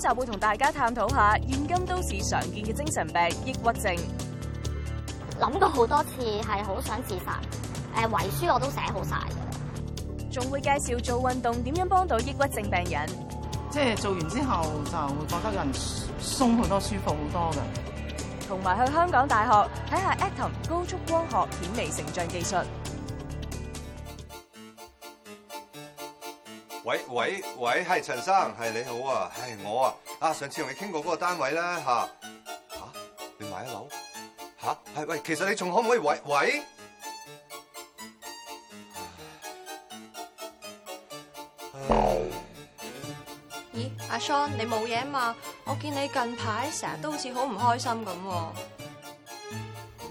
就會同大家探討下，現今都市常見嘅精神病，抑鬱症。諗過好多次係好想自殺，誒遺書我都寫好晒，仲會介紹做運動點樣幫到抑鬱症病人。即係做完之後就會覺得人鬆好多，舒服好多嘅。同埋去香港大學睇下 Atom 高速光學顯微成像技術。喂喂喂，係陳生，係你好啊，係我啊，啊，啊上次同你傾過嗰個單位啦，吓吓，你買一樓？吓，係喂，其實你仲可唔可以喂喂？咦，阿 Son 你冇嘢嘛？我見你近排成日都好似好唔開心咁，哦。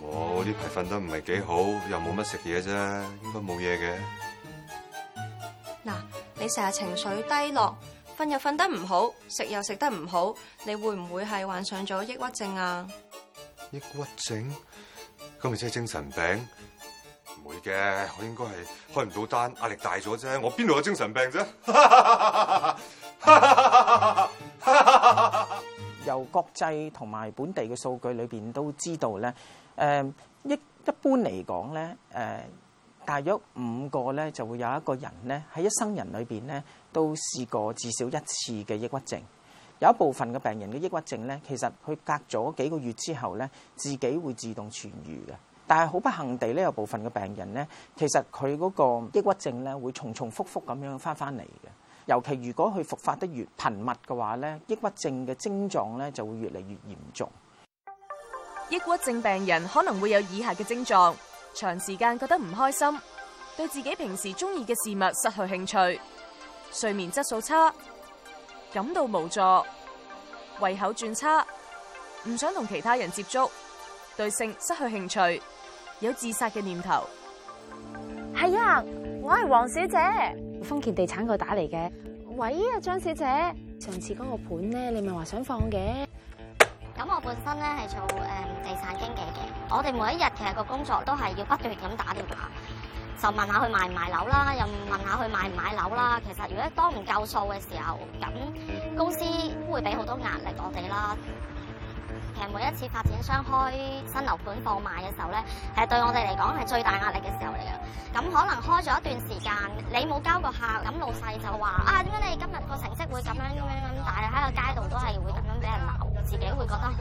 我呢排瞓得唔係幾好，又冇乜食嘢啫，應該冇嘢嘅。你成日情緒低落，瞓又瞓得唔好，食又食得唔好，你會唔會係患上咗抑鬱症啊？抑鬱症咁咪即係精神病？唔會嘅，我應該係開唔到單，壓力大咗啫。我邊度有精神病啫？ 由國際同埋本地嘅數據裏邊都知道咧，誒、呃，一一般嚟講咧，誒、呃。大約五個咧，就會有一個人咧喺一生人裏邊咧，都試過至少一次嘅抑鬱症。有一部分嘅病人嘅抑鬱症咧，其實佢隔咗幾個月之後咧，自己會自動痊癒嘅。但係好不幸地咧，有部分嘅病人咧，其實佢嗰個抑鬱症咧，會重重覆覆咁樣返返嚟嘅。尤其如果佢復發得越頻密嘅話咧，抑鬱症嘅症狀咧就會越嚟越嚴重。抑鬱症病人可能會有以下嘅症狀。長時間覺得唔開心，對自己平時中意嘅事物失去興趣，睡眠質素差，感到無助，胃口轉差，唔想同其他人接觸，對性失去興趣，有自殺嘅念頭。係啊，我係黃小姐，豐田地產佢打嚟嘅。喂啊，張小姐，上次嗰個盤呢，你咪話想放嘅？咁我本身呢，係做誒地產經紀嘅。我哋每一日其實個工作都係要不斷咁打電話，就問下佢賣唔賣樓啦，又問下佢買唔買樓啦。其實如果當唔夠數嘅時候，咁公司會俾好多壓力我哋啦。其實每一次發展商開新樓盤放賣嘅時候咧，係對我哋嚟講係最大壓力嘅時候嚟嘅。咁可能開咗一段時間，你冇交個客，咁老細就話啊，點解你今日個成績會咁樣咁樣咁？但係喺個街度都係會咁樣俾人鬧，自己會覺得好。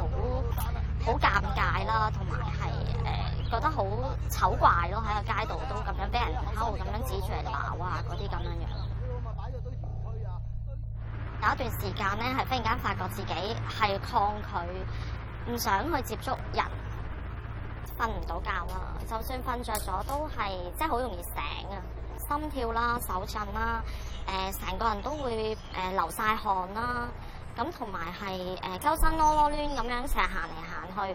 好尷尬啦，同埋係誒覺得好醜怪咯，喺個街度都咁樣俾人黑，咁樣指住嚟鬧啊，嗰啲咁樣樣。有一段時間咧，係忽然間發覺自己係抗拒，唔想去接觸人，瞓唔到覺啦。就算瞓著咗，都係即係好容易醒啊，心跳啦，手震啦，誒、呃、成個人都會誒流曬汗啦。咁同埋係誒周身囉囉攣咁樣成日行嚟。去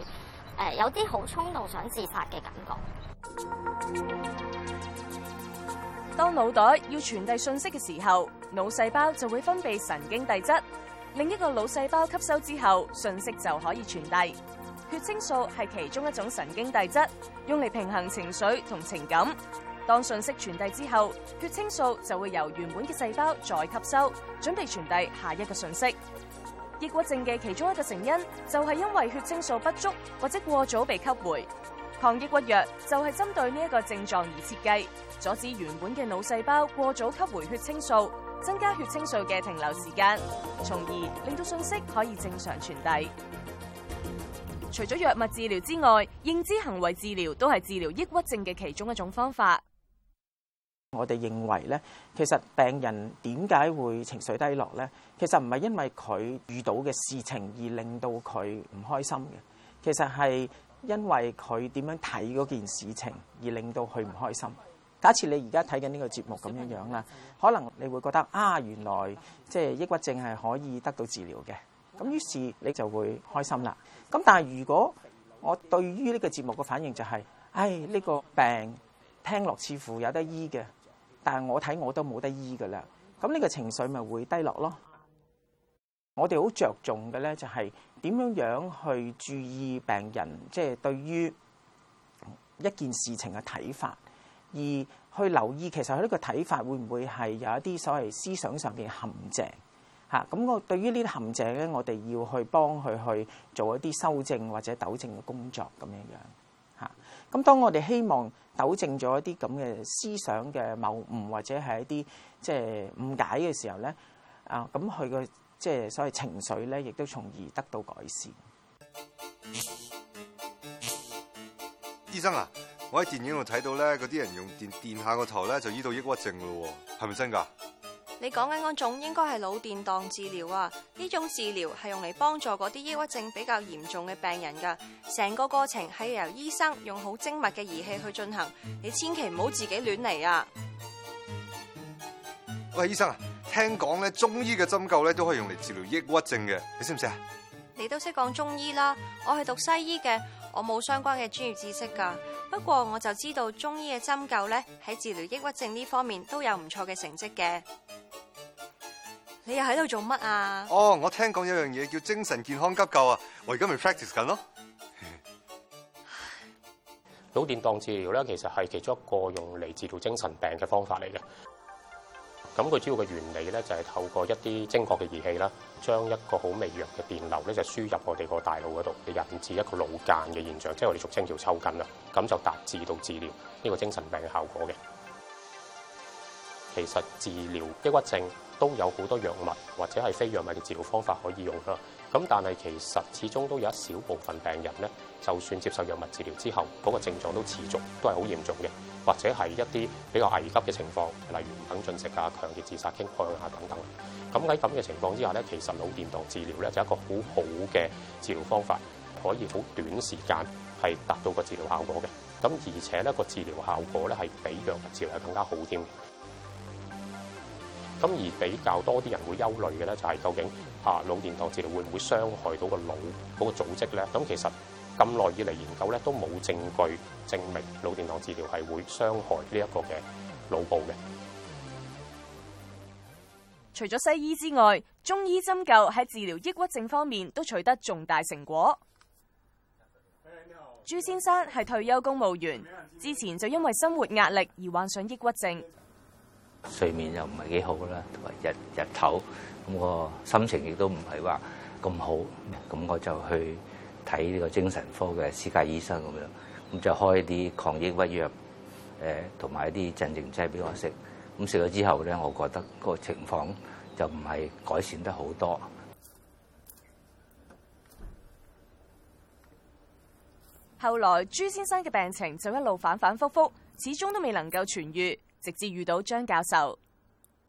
誒，有啲好衝動想自殺嘅感覺。當腦袋要傳遞信息嘅時候，腦細胞就會分泌神經遞質，另一個腦細胞吸收之後，信息就可以傳遞。血清素係其中一種神經遞質，用嚟平衡情緒同情感。當信息傳遞之後，血清素就會由原本嘅細胞再吸收，準備傳遞下一個信息。抑鬱症嘅其中一個成因就係因為血清素不足或者過早被吸回，抗抑鬱藥就係針對呢一個症狀而設計，阻止原本嘅腦細胞過早吸回血清素，增加血清素嘅停留時間，從而令到訊息可以正常傳遞。除咗藥物治療之外，認知行為治療都係治療抑鬱症嘅其中一種方法。我哋認為咧，其實病人點解會情緒低落咧？其實唔係因為佢遇到嘅事情而令到佢唔開心嘅，其實係因為佢點樣睇嗰件事情而令到佢唔開心。假設你而家睇緊呢個節目咁樣樣啦，可能你會覺得啊，原來即係抑鬱症係可以得到治療嘅，咁於是你就會開心啦。咁但係如果我對於呢個節目嘅反應就係，唉，呢個病聽落似乎有得醫嘅。但係我睇我都冇得醫噶啦，咁呢個情緒咪會低落咯。我哋好着重嘅咧，就係點樣樣去注意病人，即係對於一件事情嘅睇法，而去留意其實佢呢個睇法會唔會係有一啲所謂思想上嘅陷阱嚇。咁我對於呢啲陷阱咧，我哋要去幫佢去做一啲修正或者糾正嘅工作咁樣樣。咁當我哋希望糾正咗一啲咁嘅思想嘅謬誤，或者係一啲即係誤解嘅時候咧，啊，咁佢嘅即係所謂情緒咧，亦都從而得到改善。醫生啊，我喺電影度睇到咧，嗰啲人用電電下個頭咧，就醫到抑鬱症咯喎，係咪真㗎？你講緊嗰種應該係腦電蕩治療啊！呢種治療係用嚟幫助嗰啲抑鬱症比較嚴重嘅病人噶，成個過程係由醫生用好精密嘅儀器去進行。你千祈唔好自己亂嚟啊！喂，醫生啊，聽講咧中醫嘅針灸咧都可以用嚟治療抑鬱症嘅，你識唔識啊？你都識講中醫啦，我係讀西醫嘅，我冇相關嘅專業知識噶。不過我就知道中醫嘅針灸咧喺治療抑鬱症呢方面都有唔錯嘅成績嘅。你又喺度做乜啊？哦，oh, 我聽講有樣嘢叫精神健康急救啊，我而家咪 practice 緊咯。腦 電蕩治療咧，其實係其中一個用嚟治療精神病嘅方法嚟嘅。咁佢主要嘅原理咧，就係透過一啲精確嘅儀器啦，將一個好微弱嘅電流咧，就輸入我哋個大腦嗰度，嚟引致一個腦間嘅現象，即係我哋俗稱叫抽筋啦。咁就達至到治療呢、這個精神病嘅效果嘅。其實治療抑鬱症。都有好多藥物或者係非藥物嘅治療方法可以用啦。咁但係其實始終都有一小部分病人咧，就算接受藥物治療之後，嗰個症狀都持續，都係好嚴重嘅，或者係一啲比較危急嘅情況，例如唔肯進食啊、強烈自殺傾向啊等等。咁喺咁嘅情況之下咧，其實腦電動治療咧就係一個好好嘅治療方法，可以好短時間係達到個治療效果嘅。咁而且咧個治療效果咧係比藥物治療係更加好添。咁而比較多啲人會憂慮嘅咧，就係究竟嚇腦電盪治療會唔會傷害到個腦嗰個組織咧？咁其實咁耐以嚟研究咧，都冇證據證明腦電盪治療係會傷害呢一個嘅腦部嘅。除咗西醫之外，中醫針灸喺治療抑鬱症方面都取得重大成果。朱先生係退休公務員，之前就因為生活壓力而患上抑鬱症。睡眠又唔係幾好啦，同埋日日唞，咁我心情亦都唔係話咁好，咁我就去睇呢個精神科嘅私家醫生咁樣，咁就開啲抗抑鬱藥，誒，同埋一啲鎮靜劑俾我食，咁食咗之後咧，我覺得個情況就唔係改善得好多。後來朱先生嘅病情就一路反反复复，始終都未能夠痊癒。直至遇到張教授。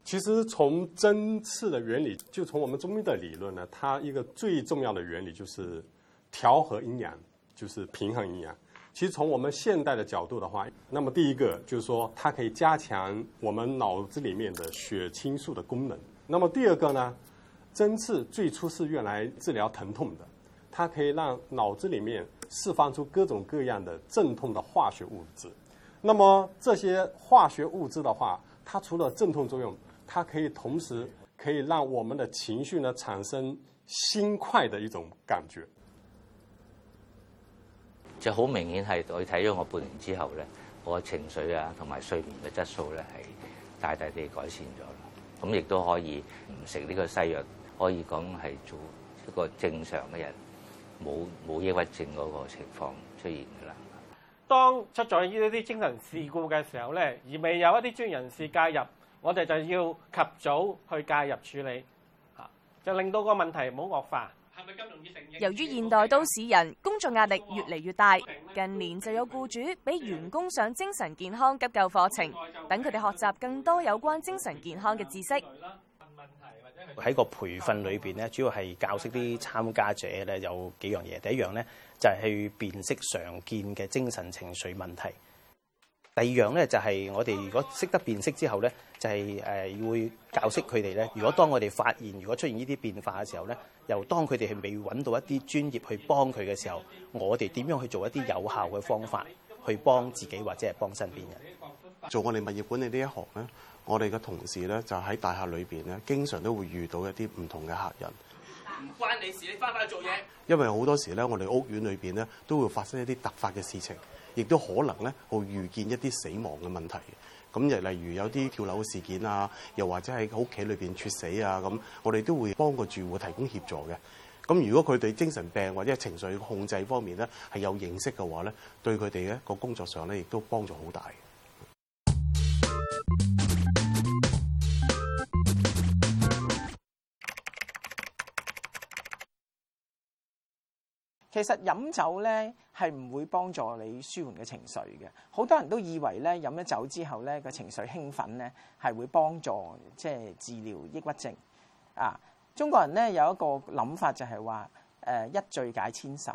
其實從針刺的原理，就從我們中醫的理論呢，它一個最重要的原理就是調和陰陽，就是平衡陰陽。其實從我們現代的角度的話，那麼第一個就是說它可以加強我們腦子裏面的血清素的功能。那麼第二個呢，針刺最初是用來治療疼痛的，它可以讓腦子裏面釋放出各種各樣的鎮痛的化學物質。那麼這些化學物質的話，它除了鎮痛作用，它可以同時可以讓我們的情緒呢產生欣快的一種感覺。就好明顯係我睇咗我半年之後咧，我情緒啊同埋睡眠嘅質素咧係大大地改善咗，咁亦都可以唔食呢個西藥，可以講係做一個正常嘅人，冇冇抑鬱症嗰個情況出現噶啦。當出咗呢啲精神事故嘅時候呢，而未有一啲專業人士介入，我哋就要及早去介入處理，就令到個問題唔好惡化。由於現代都市人工作壓力越嚟越大，近年就有僱主俾員工上精神健康急救課程，等佢哋學習更多有關精神健康嘅知識。喺個培訓裏邊咧，主要係教識啲參加者咧有幾樣嘢。第一樣咧就係去辨識常見嘅精神情緒問題。第二樣咧就係我哋如果識得辨識之後咧，就係誒會教識佢哋咧。如果當我哋發現如果出現呢啲變化嘅時候咧，又當佢哋係未揾到一啲專業去幫佢嘅時候，我哋點樣去做一啲有效嘅方法去幫自己或者係幫身邊人？做我哋物業管理呢一行咧。我哋嘅同事咧，就喺大廈裏邊咧，經常都會遇到一啲唔同嘅客人。唔關你事，你翻返去做嘢。因為好多時咧，我哋屋苑裏邊咧，都會發生一啲突發嘅事情，亦都可能咧，會遇見一啲死亡嘅問題。咁亦例如有啲跳樓事件啊，又或者喺屋企裏邊猝死啊，咁我哋都會幫個住戶提供協助嘅。咁如果佢哋精神病或者情緒控制方面咧係有認識嘅話咧，對佢哋咧個工作上咧亦都幫助好大。其實飲酒咧係唔會幫助你舒緩嘅情緒嘅，好多人都以為咧飲咗酒之後咧個情緒興奮咧係會幫助即係治療抑鬱症啊！中國人咧有一個諗法就係話誒一醉解千愁，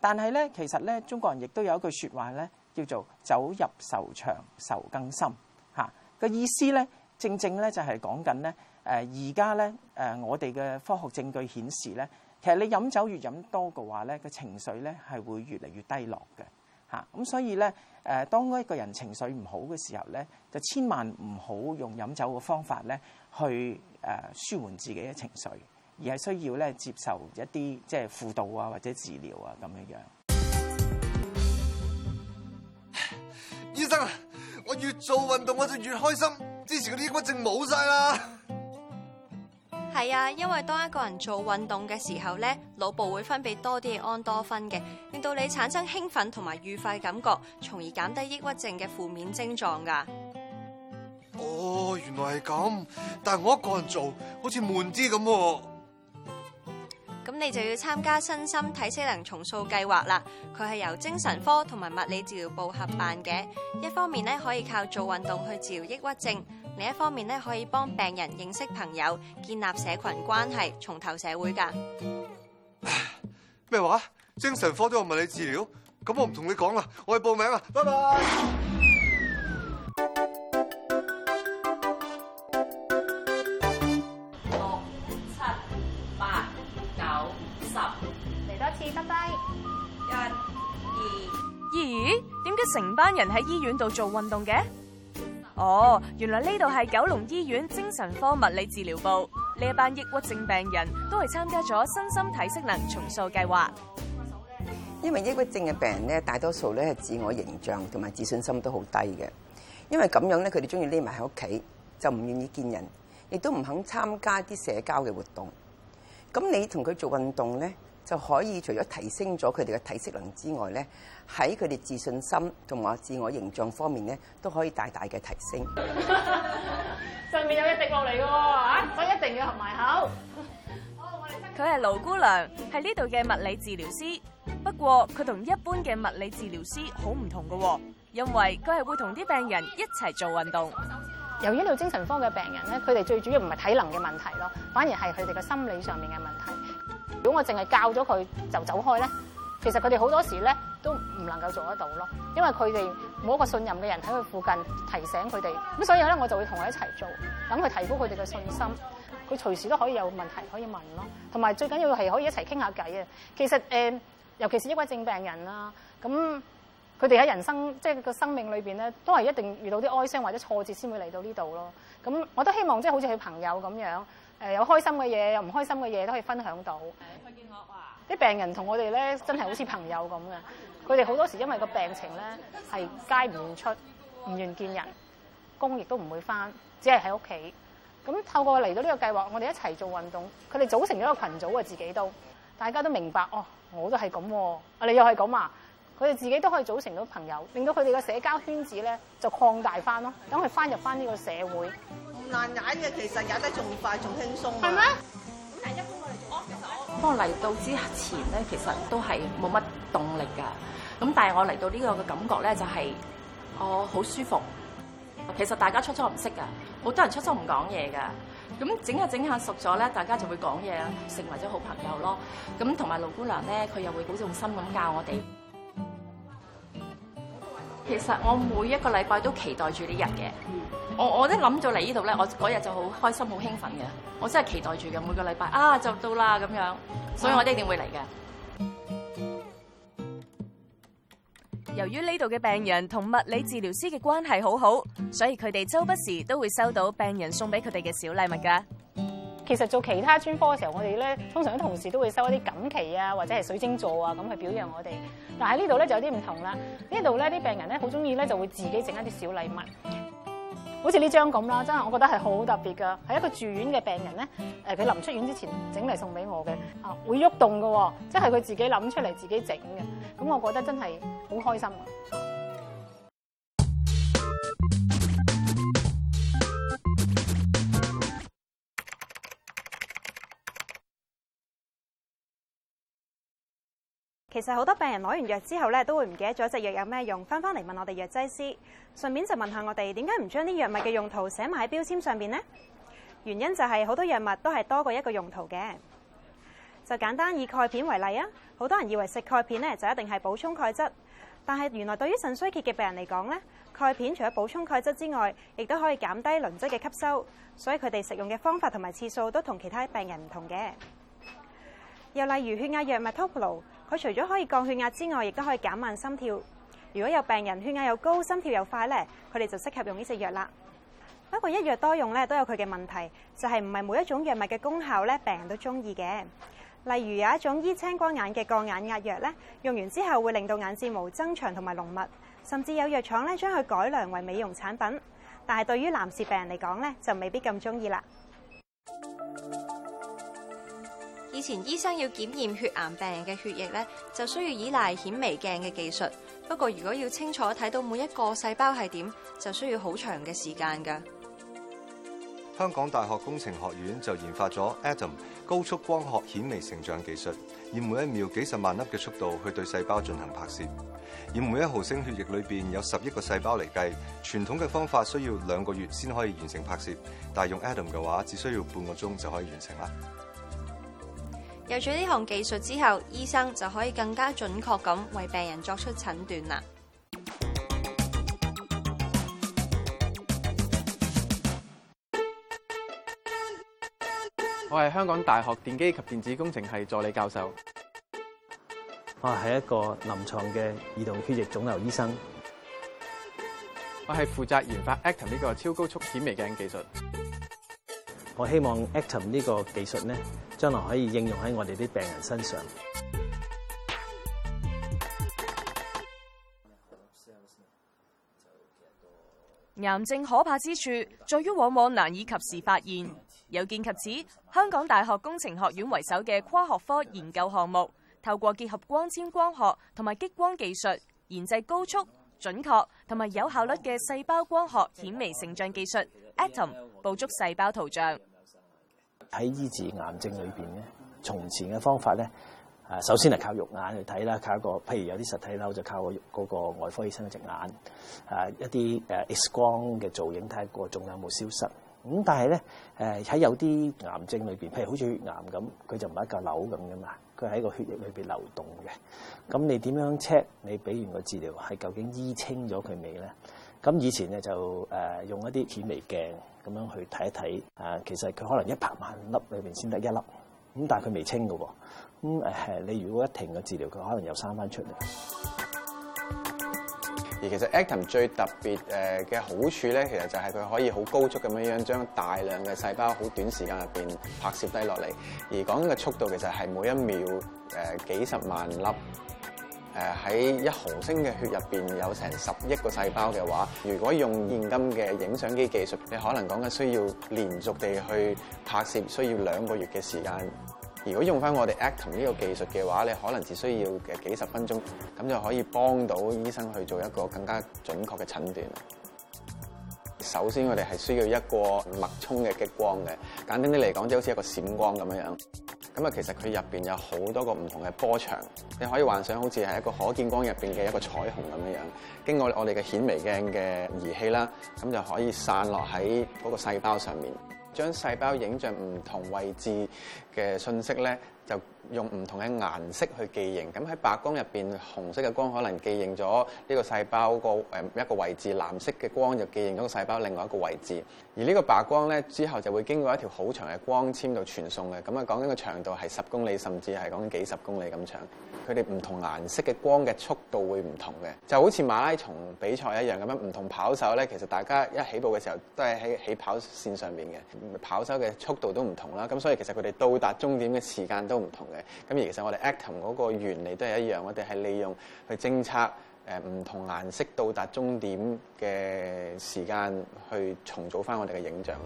但係咧其實咧中國人亦都有一句説話咧叫做酒入愁腸愁更深嚇，個、啊、意思咧正正咧就係講緊咧誒而家咧誒我哋嘅科學證據顯示咧。其實你飲酒越飲多嘅話咧，個情緒咧係會越嚟越低落嘅嚇。咁所以咧，誒當一個人情緒唔好嘅時候咧，就千萬唔好用飲酒嘅方法咧去誒舒緩自己嘅情緒，而係需要咧接受一啲即係輔導啊或者治療啊咁樣樣。醫生，我越做運動我就越開心，之前嗰啲抑鬱症冇晒啦。係啊，因為當一個人做運動嘅時候咧，腦部會分泌多啲嘅胺多酚嘅，令到你產生興奮同埋愉快感覺，從而減低抑鬱症嘅負面症狀噶。哦，原來係咁，但係我一個人做，好似悶啲咁喎。咁你就要參加身心體適能重塑計劃啦，佢係由精神科同埋物理治療部合辦嘅，一方面咧可以靠做運動去治療抑鬱症。另一方面咧，可以幫病人認識朋友，建立社群關係，重投社會噶。咩話？精神科都有物理治療？咁我唔同你講啦，我去報名啦，拜拜。六七八九十，嚟多次，拜拜。一、二。咦？點解成班人喺醫院度做運動嘅？哦，oh, 原來呢度係九龍醫院精神科物理治療部，呢一班抑鬱症病人都係參加咗身心體適能重塑計劃。因為抑鬱症嘅病人咧，大多數咧係自我形象同埋自信心都好低嘅，因為咁樣咧，佢哋中意匿埋喺屋企，就唔願意見人，亦都唔肯參加啲社交嘅活動。咁你同佢做運動咧？就可以除咗提升咗佢哋嘅體適能之外咧，喺佢哋自信心同埋自我形象方面咧，都可以大大嘅提升。上面有一滴落嚟嘅喎，啊！所以一定要合埋口。佢係盧姑娘，係呢度嘅物理治療師。不過佢同一般嘅物理治療師好唔同嘅喎，因為佢係會同啲病人一齊做運動。由於精神科嘅病人咧，佢哋最主要唔係體能嘅問題咯，反而係佢哋嘅心理上面嘅問題。如果我淨係教咗佢就走開咧，其實佢哋好多時咧都唔能夠做得到咯，因為佢哋冇一個信任嘅人喺佢附近提醒佢哋，咁所以咧我就會同佢一齊做，等佢提高佢哋嘅信心。佢隨時都可以有問題可以問咯，同埋最緊要係可以一齊傾下偈啊！其實誒、呃，尤其是抑鬱症病人啦，咁佢哋喺人生即係個生命裏邊咧，都係一定遇到啲哀傷或者挫折先會嚟到呢度咯。咁我都希望即係、就是、好似佢朋友咁樣。誒有開心嘅嘢，有唔開心嘅嘢都可以分享到。佢見我啲病人同我哋咧，真係好似朋友咁嘅。佢哋好多時因為個病情咧係、啊、街唔出，唔願見，見人，見工亦都唔會翻，只係喺屋企。咁透過嚟到呢個計劃，我哋一齊做運動，佢哋組成咗一個羣組啊！自己都大家都明白哦，我都係咁，你是這樣啊，你又係咁嘛？佢哋自己都可以組成到朋友，令到佢哋嘅社交圈子咧就擴大翻咯。等佢翻入翻呢個社會。難踩嘅，其實踩得仲快仲輕鬆啊！係咩？咁但係一般我嚟做。我嚟到之前咧，其實都係冇乜動力噶。咁但係我嚟到呢個嘅感覺咧、就是，就係我好舒服。其實大家初初唔識噶，好多人初初唔講嘢噶。咁整下整下熟咗咧，大家就會講嘢，成為咗好朋友咯。咁同埋盧姑娘咧，佢又會好用心咁教我哋。其實我每一個禮拜都期待住呢日嘅。我我一諗住嚟呢度咧，我嗰日就好開心、好興奮嘅。我真係期待住嘅每個禮拜啊，就到啦咁樣，所以我哋一定會嚟嘅。嗯、由於呢度嘅病人同物理治療師嘅關係好好，所以佢哋周不時都會收到病人送俾佢哋嘅小禮物㗎。其實做其他專科嘅時候，我哋咧通常同事都會收一啲錦旗啊，或者係水晶座啊咁去表揚我哋。但係呢度咧就有啲唔同啦。這裏呢度咧啲病人咧好中意咧就會自己整一啲小禮物。好似呢張咁啦，真係我覺得係好特別㗎，係一個住院嘅病人咧，誒佢臨出院之前整嚟送俾我嘅，啊會喐動㗎喎，即係佢自己諗出嚟自己整嘅，咁我覺得真係好開心啊！其實好多病人攞完藥之後咧，都會唔記得咗隻藥有咩用，翻返嚟問我哋藥劑師，順便就問下我哋點解唔將啲藥物嘅用途寫埋喺標籤上面呢。呢原因就係好多藥物都係多過一個用途嘅。就簡單以鈣片為例啊，好多人以為食鈣片呢就一定係補充鈣質，但係原來對於腎衰竭嘅病人嚟講呢，鈣片除咗補充鈣質之外，亦都可以減低磷質嘅吸收，所以佢哋食用嘅方法同埋次數都同其他病人唔同嘅。又例如血壓藥物 Toplo。佢除咗可以降血壓之外，亦都可以減慢心跳。如果有病人血壓又高、心跳又快呢，佢哋就適合用呢隻藥啦。不過一藥多用呢都有佢嘅問題，就係唔係每一種藥物嘅功效呢，病人都中意嘅。例如有一種醫青光眼嘅降眼壓藥呢，用完之後會令到眼睫毛增長同埋濃密，甚至有藥廠呢將佢改良為美容產品。但係對於男士病人嚟講呢，就未必咁中意啦。以前醫生要檢驗血癌病嘅血液咧，就需要依賴顯微鏡嘅技術。不過如果要清楚睇到每一個細胞係點，就需要好長嘅時間噶。香港大學工程學院就研發咗 Atom 高速光學顯微成像技術，以每一秒幾十萬粒嘅速度去對細胞進行拍攝。以每一毫升血液裏邊有十億個細胞嚟計，傳統嘅方法需要兩個月先可以完成拍攝，但係用 Atom 嘅話，只需要半個鐘就可以完成啦。有咗呢項技術之後，醫生就可以更加準確咁為病人作出診斷啦。我係香港大學電機及電子工程系助理教授，我係一個臨床嘅兒童血液腫瘤醫生，我係負責研發 Atom 呢個超高速顯微鏡技術。我希望 Atom 呢個技術呢，將來可以應用喺我哋啲病人身上。癌症可怕之處，在於往往難以及時發現。有見及此，香港大學工程學院為首嘅跨學科研究項目，透過結合光纖光學同埋激光技術，研製高速、準確同埋有效率嘅細胞光學顯微成像技術 Atom，捕捉細胞圖像。喺醫治癌症裏邊咧，從前嘅方法咧，啊首先係靠肉眼去睇啦，靠個，譬如有啲實體瘤就靠個嗰個外科醫生隻眼，啊一啲誒 X 光嘅造影睇過仲有冇消失。咁但係咧，誒喺有啲癌症裏邊，譬如好似血癌咁，佢就唔係一嚿瘤咁噶嘛，佢喺個血液裏邊流動嘅。咁你點樣 check？你俾完個治療係究竟醫清咗佢未咧？咁以前咧就誒用一啲顯微鏡。咁樣去睇一睇，啊，其實佢可能一百萬粒裏邊先得一粒，咁但係佢未清㗎喎，咁、嗯、誒，你如果一停個治療，佢可能又生翻出嚟。而其實 Atom、um、最特別誒嘅好處咧，其實就係佢可以好高速咁樣樣將大量嘅細胞好短時間入邊拍攝低落嚟，而講緊嘅速度其實係每一秒誒幾十萬粒。誒喺一毫升嘅血入面有成十億個細胞嘅話，如果用現今嘅影相機技術，你可能講緊需要連續地去拍攝，需要兩個月嘅時間。如果用翻我哋 Acton 呢個技術嘅話，你可能只需要嘅幾十分鐘，咁就可以幫到醫生去做一個更加準確嘅診斷。首先，我哋係需要一個脈衝嘅激光嘅，簡單啲嚟講，就好似一個閃光咁樣。咁啊，其實佢入邊有好多個唔同嘅波長，你可以幻想好似係一個可見光入邊嘅一個彩虹咁樣樣經過我哋嘅顯微鏡嘅儀器啦，咁就可以散落喺嗰個細胞上面，將細胞影像唔同位置嘅信息咧。就用唔同嘅顏色去記認，咁喺白光入邊，紅色嘅光可能記認咗呢個細胞個誒一個位置，藍色嘅光就記認咗個細胞另外一個位置。而呢個白光咧之後就會經過一條好長嘅光纖度傳送嘅，咁啊講緊個長度係十公里甚至係講緊幾十公里咁長。佢哋唔同顏色嘅光嘅速度會唔同嘅，就好似馬拉松比賽一樣咁樣，唔同跑手咧其實大家一起步嘅時候都係喺起跑線上面嘅，跑手嘅速度都唔同啦，咁所以其實佢哋到達終點嘅時間都都唔同嘅，咁而其實我哋 Atom 嗰個原理都係一樣，我哋係利用去偵測誒唔同顏色到達終點嘅時間，去重組翻我哋嘅影像咯。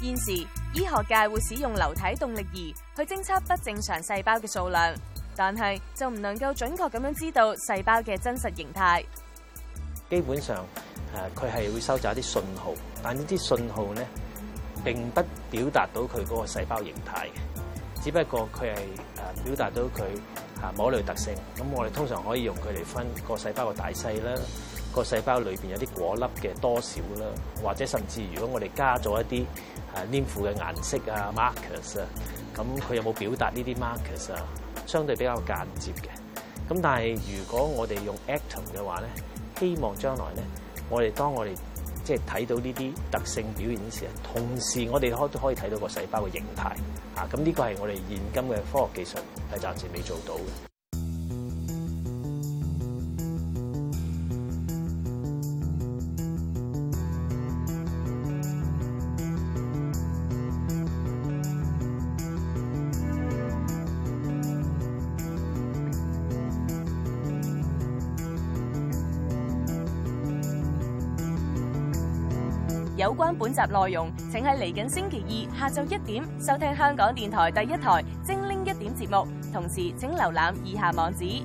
現時醫學界會使用流體動力儀去偵測不正常細胞嘅數量，但係就唔能夠準確咁樣知道細胞嘅真實形態。基本上誒，佢係會收集一啲信號，但呢啲信號咧，並不表達到佢嗰個細胞形態嘅。只不過佢係誒表達到佢啊某一類特性，咁我哋通常可以用佢嚟分個細胞嘅大細啦，個細胞裏邊有啲果粒嘅多少啦，或者甚至如果我哋加咗一啲誒黏附嘅顏色啊 markers 啊，咁佢有冇表達呢啲 markers 啊，相對比較間接嘅。咁但係如果我哋用 atom、um、嘅話咧，希望將來咧，我哋當我哋。即係睇到呢啲特性表現嘅時候，同時我哋可都可以睇到個細胞嘅形態啊！咁呢個係我哋現今嘅科學技術係暫時未做到嘅。本集內容，請喺嚟緊星期二下晝一點收聽香港電台第一台《精靈一點》節目，同時請瀏覽以下網址。